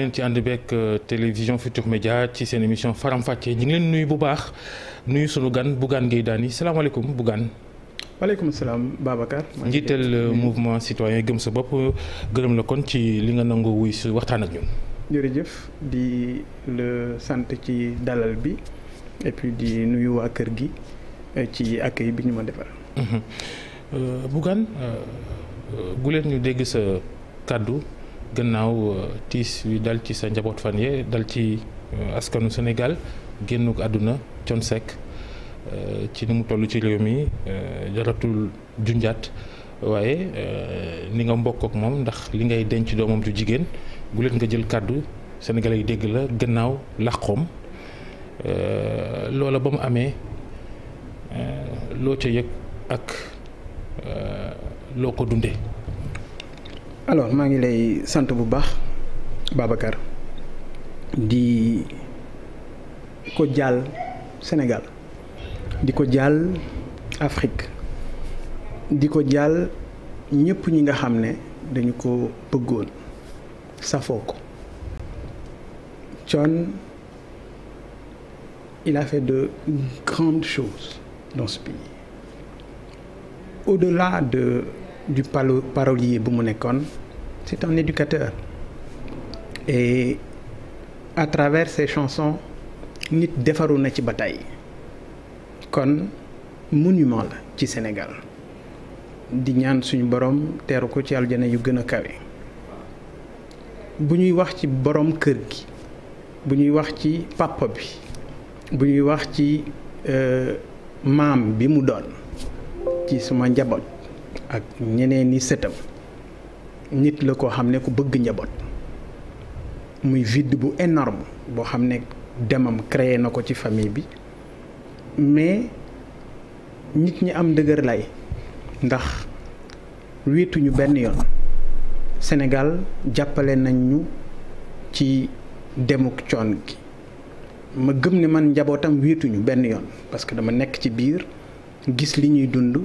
leen ci ànd beeg euh, télévision Futur Média ci seen émission faram-fàccee ñu ngi leen nuyu bu baax nuyu sunu gan Bougane Gueye Dany salaamaaleykum Bougane. waaleykum salaam Babacar. njiital euh, mouvement citoyen gëm sa bopp gërëm la kon ci li nga nangu wuy si waxtaan ak ñun. jërëjëf di la sant ci dalal bi et di nuyu waa kër gi euh, ci accueil bi ñu ma defal. Mhm. Bougane gu ñu dégg sa kàddu. gannaaw euh, tiis wi dal ci sa njaboot fan yee dal ci euh, askanu Sénégal génnuk àdduna Thione Seck euh, ci ni mu toll ci réew mi jaratul junjaat waaye ni nga mbokk ak moom ndax li ngay denc doomam ju jigéen bu leen nga jël kàddu sénégalais yi dégg la gannaaw làqoom loola ba mu amee loo ca yëg ak loo ko dundee. alors maa ngi lay sant bu baax Babacar di ko jàll Sénégal di ko jàll Afrique di ko jàll ñëpp ñi nga xam ne dañu ko bëggoon safoo ko Thione il a fait de grandes choses dans ce pays au-delà de du parolier bu mu nekkoon ci un éducateur et à travers ses chansons nit defaru na ci ba tey kon monument la ci Sénégal di ñaan suñu boroom teeru ko ci aljana yu gën a kawe bu ñuy wax ci boroom kër gi bu ñuy wax ci papa bi bu ñuy wax ci euh, maam bi mu doon ci suma njaboot ak ñeneen sëtam nit la koo xam ne ku bëgg njaboot muy vide bu énorme boo xam ne demam créé na ko ci famille bi mais nit ñi am dëgër lay ndax wéetuñu benn yoon Sénégal jàppale nañ ñu ci demuk coon gi ma gëm ne man njabootam wéetuñu benn yoon parce que dama nekk ci biir gis li ñuy dund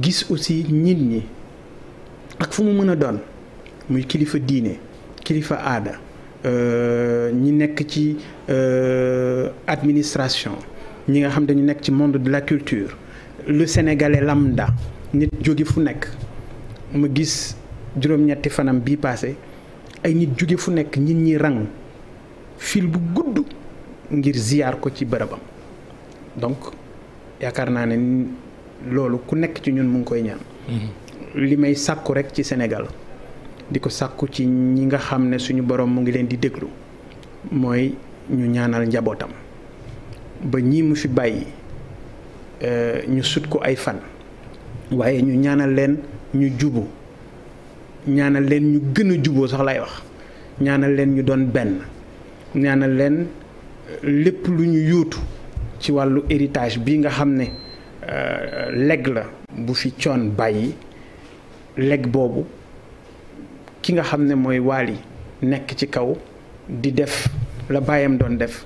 gis aussi nit ñi ak fu mu mën a doon muy kilifa diine kilifa aada euh, ñi nekk ci euh, administration ñi nga xam dañu nekk ci monde de la culture lu le sénégalais lambda nit jóge fu nekk ma gis juróom-ñetti fanam bi passé ay nit jóge fu nekk nit ñi ràng fil bu gudd ngir ziyaar ko ci bërëbam donc yaakaar naa ne loolu ku nekk ci ñun mu ngi koy ñaan. Mm-hmm. li may sàkku rekk ci Sénégal. di ko sàkku ci ñi nga xam ne suñu borom mu ngi leen di déglu mooy ñu ñaanal njabootam ba ñii mu fi bàyyi euh, ñu sut ko ay fan waaye ñu ñaanal leen ñu jubu ñaanal leen ñu gën a juboo sax lay wax ñaanal leen ñu doon benn ñaanal leen euh, lépp lu ñu yuutu ci wàllu héritage bi nga xam ne euh, leg la bu fi coon bàyyi leg boobu ki nga xam ne mooy Wally nekk ci kaw di def la baayam doon def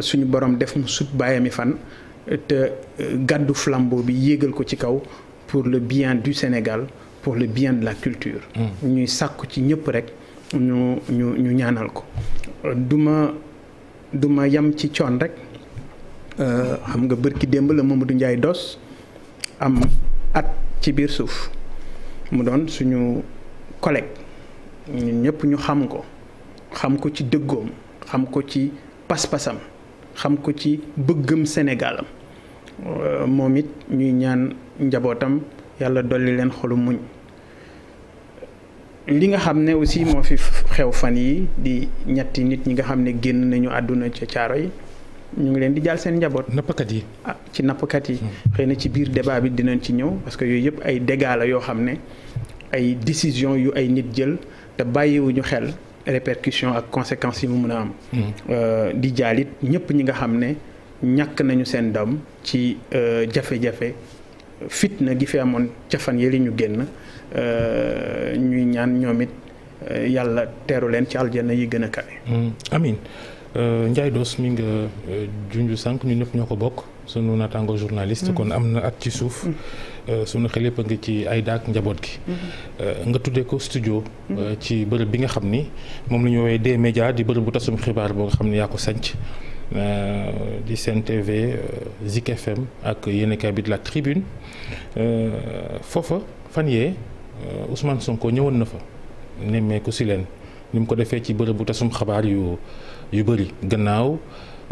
suñu borom def mu sut baayami fan te euh, gàddu flambeau bi yéegal ko ci kaw pour le bien du Sénégal pour le bien de la culture. Mm. ñuy sàkku ci ñëpp rek ñu ñu ñaanal ko. duma duma yam ci coon rek euh, xam nga bërki démb la du Ndiaye dos am at ci biir suuf mu doon suñu collègue. ñun ñëpp ñu xam ko xam ko ci dëggoom xam ko ci pas-pasam xam ko ci bëggam Sénégalam euh, moom it ñuy ñaan njabootam yàlla dolli leen xolu muñ li nga xam ne aussi moo fi xew fan yi di ñetti nit ñi nga xam ne génn nañu àdduna ca caaro yi ñu ngi leen di jaal seen njaboot. nappkat yi ah ci nappkat yi. Hmm. xëy na ci biir débat bi dinañ ci ñëw parce que yooyu yëpp ay dégâts yoo xam ne ay décision yu ay nit jël te bàyyiwuñu xel répercussion ak conséquences yi mu mën a am. Hmm. Euh, di jaalit ñëpp ñi nga xam ne ñàkk nañu seen doom ci euh, jafe-jafe fitna gi fi amoon cafan fan ñu génn euh, ñuy ñaan ñoom it yàlla teeru leen ci aljana yi gën a kawe. Hmm. amiin Ndiaye Doss mi nga junj sànq ñu ñëpp ñoo ko bokk sunu naataango journalist hmm. kon am na at ci suuf. Euh, sunu xel yëpp a ngi ci Aïda ak njaboot gi. Mhm. Euh, nga tuddee ko studio. Mhm. Euh, ci bërëb bi nga xam ni moom la ñu woowee des médias di bërëb bu tasum xibaar boo nga xam ni yaa ko sanc di Sen TV Zik FM ak yéenekaay bi de la Tribune foofa fan yee Ousmane Sonko ñëwoon na fa nemmeeku si leen ni ko defee ci bërëb bu tasum xabaar yu yu bëri gannaaw.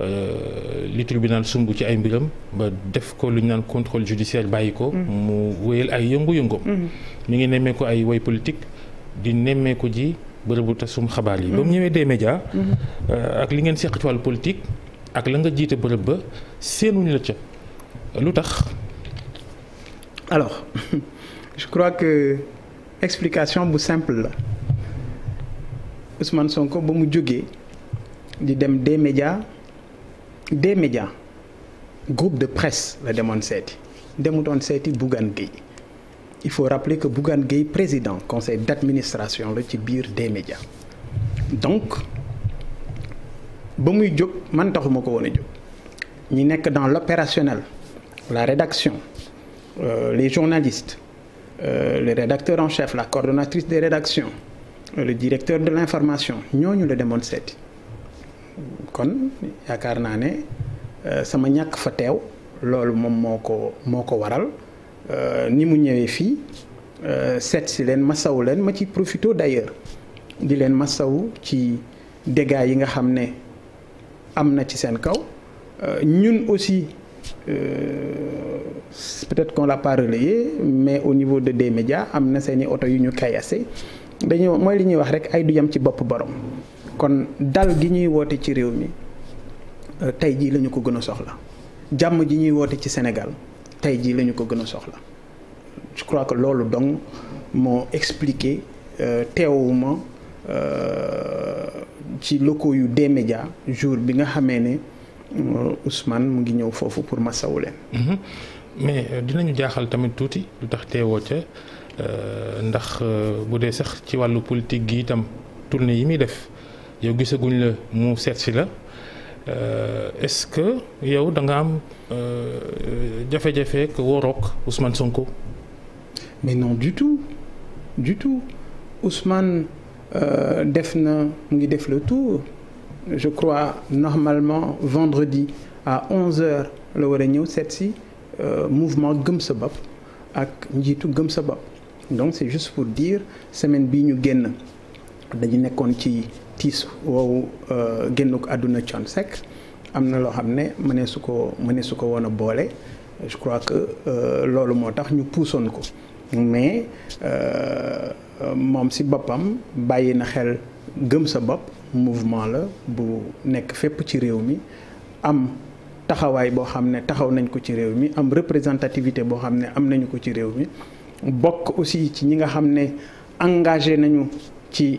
Euh, li tribunal sumb ci ay mbiram ba def ko lu ñu naan contrôle judiciaire bàyyi ko. Mm-hmm. yëngu-yëngoom. Mm-hmm. mi ngi nemmee ay way politique di nemmee ji bërëbu tasum xabaar yi. ba mu mm-hmm. ñëwee des euh, ak li ngeen seq ci ak la nga jiite bërëb ba seenuñ la tax. alors je crois que explication bu simple la Ousmane Sonko ba mu jógee di dem des médias. des média groupe de presse la demoon seeti demu doon seeti Bougane Gueye il faut rappeler que Bougane Gueye président conseil d'administration la ci biir des média donc ba muy jóg man taxuma ko woon a jóg ñi nekk dans l'opérationnel la rédaction euh, les journalistes euh, les rédacteurs en chef la coordonnatrice des rédaction le directeur de l'information ñooñu la demoon seeti kon yaakaar naa ne euh, sama ñàkk fa teew loolu moom moo ko moo ko waral euh, ni mu ñëwee fii euh, seet si leen ma saw leen ma ci profito d'ailleurs di leen ma saw ci dégâts yi nga xam ne am na ci seen kaw ñun aussi peut-être qu'on l'a pas relayé mais au niveau de des médias am na seeni oto yu ñu kayase dañu mooy li ñuy wax rek ay du yam ci bopp borom kon dal gi ñuy woote ci réew mi euh, tey jii lañu ko gën a soxla jàmm ji ñuy woote ci senegal tey jii lañu ko gën a soxla je crois que loolu dong moo expliqué euh, teewuma euh, ci loko yu D-Média jour bi nga xamee ne Ousmane mu ngi ñëw foofu pour masawu leen. Mhm. mais dinañu jaaxal tamit tuuti lu tax teewoo ca ndax bu dee sax ci wàllu politique gi itam tournée yi muy def. yow gisaguñ la mu seet si la euh, est-ce que yow da nga am euh, jafe-jafe ak wóoroog Ousmane Sonko. mais non du tout du tout euh, def na mu ngi def le tour je crois normalement vendredi à 11h la war a ñëw seet si mouvement Gëm sa ak njiitu Gëm sa bopp donc c'est juste pour dire semaine bii ñu génn dañu nekkoon ci. tiis woowu euh, génn ko àdduna Thione Seck am na loo xam ne mëne su ko mëne su ko woon a boole je crois que euh, loolu moo tax ñu puusoon ko mais euh, moom si boppam bàyyi na xel gëm sa bopp mouvement la bu nekk fépp ci réew mi am taxawaay boo xam ne taxaw nañ ko ci réew mi am représentativité boo xam ne am nañu ko ci réew mi bokk aussi ci ñi nga xam ne engagé nañu ci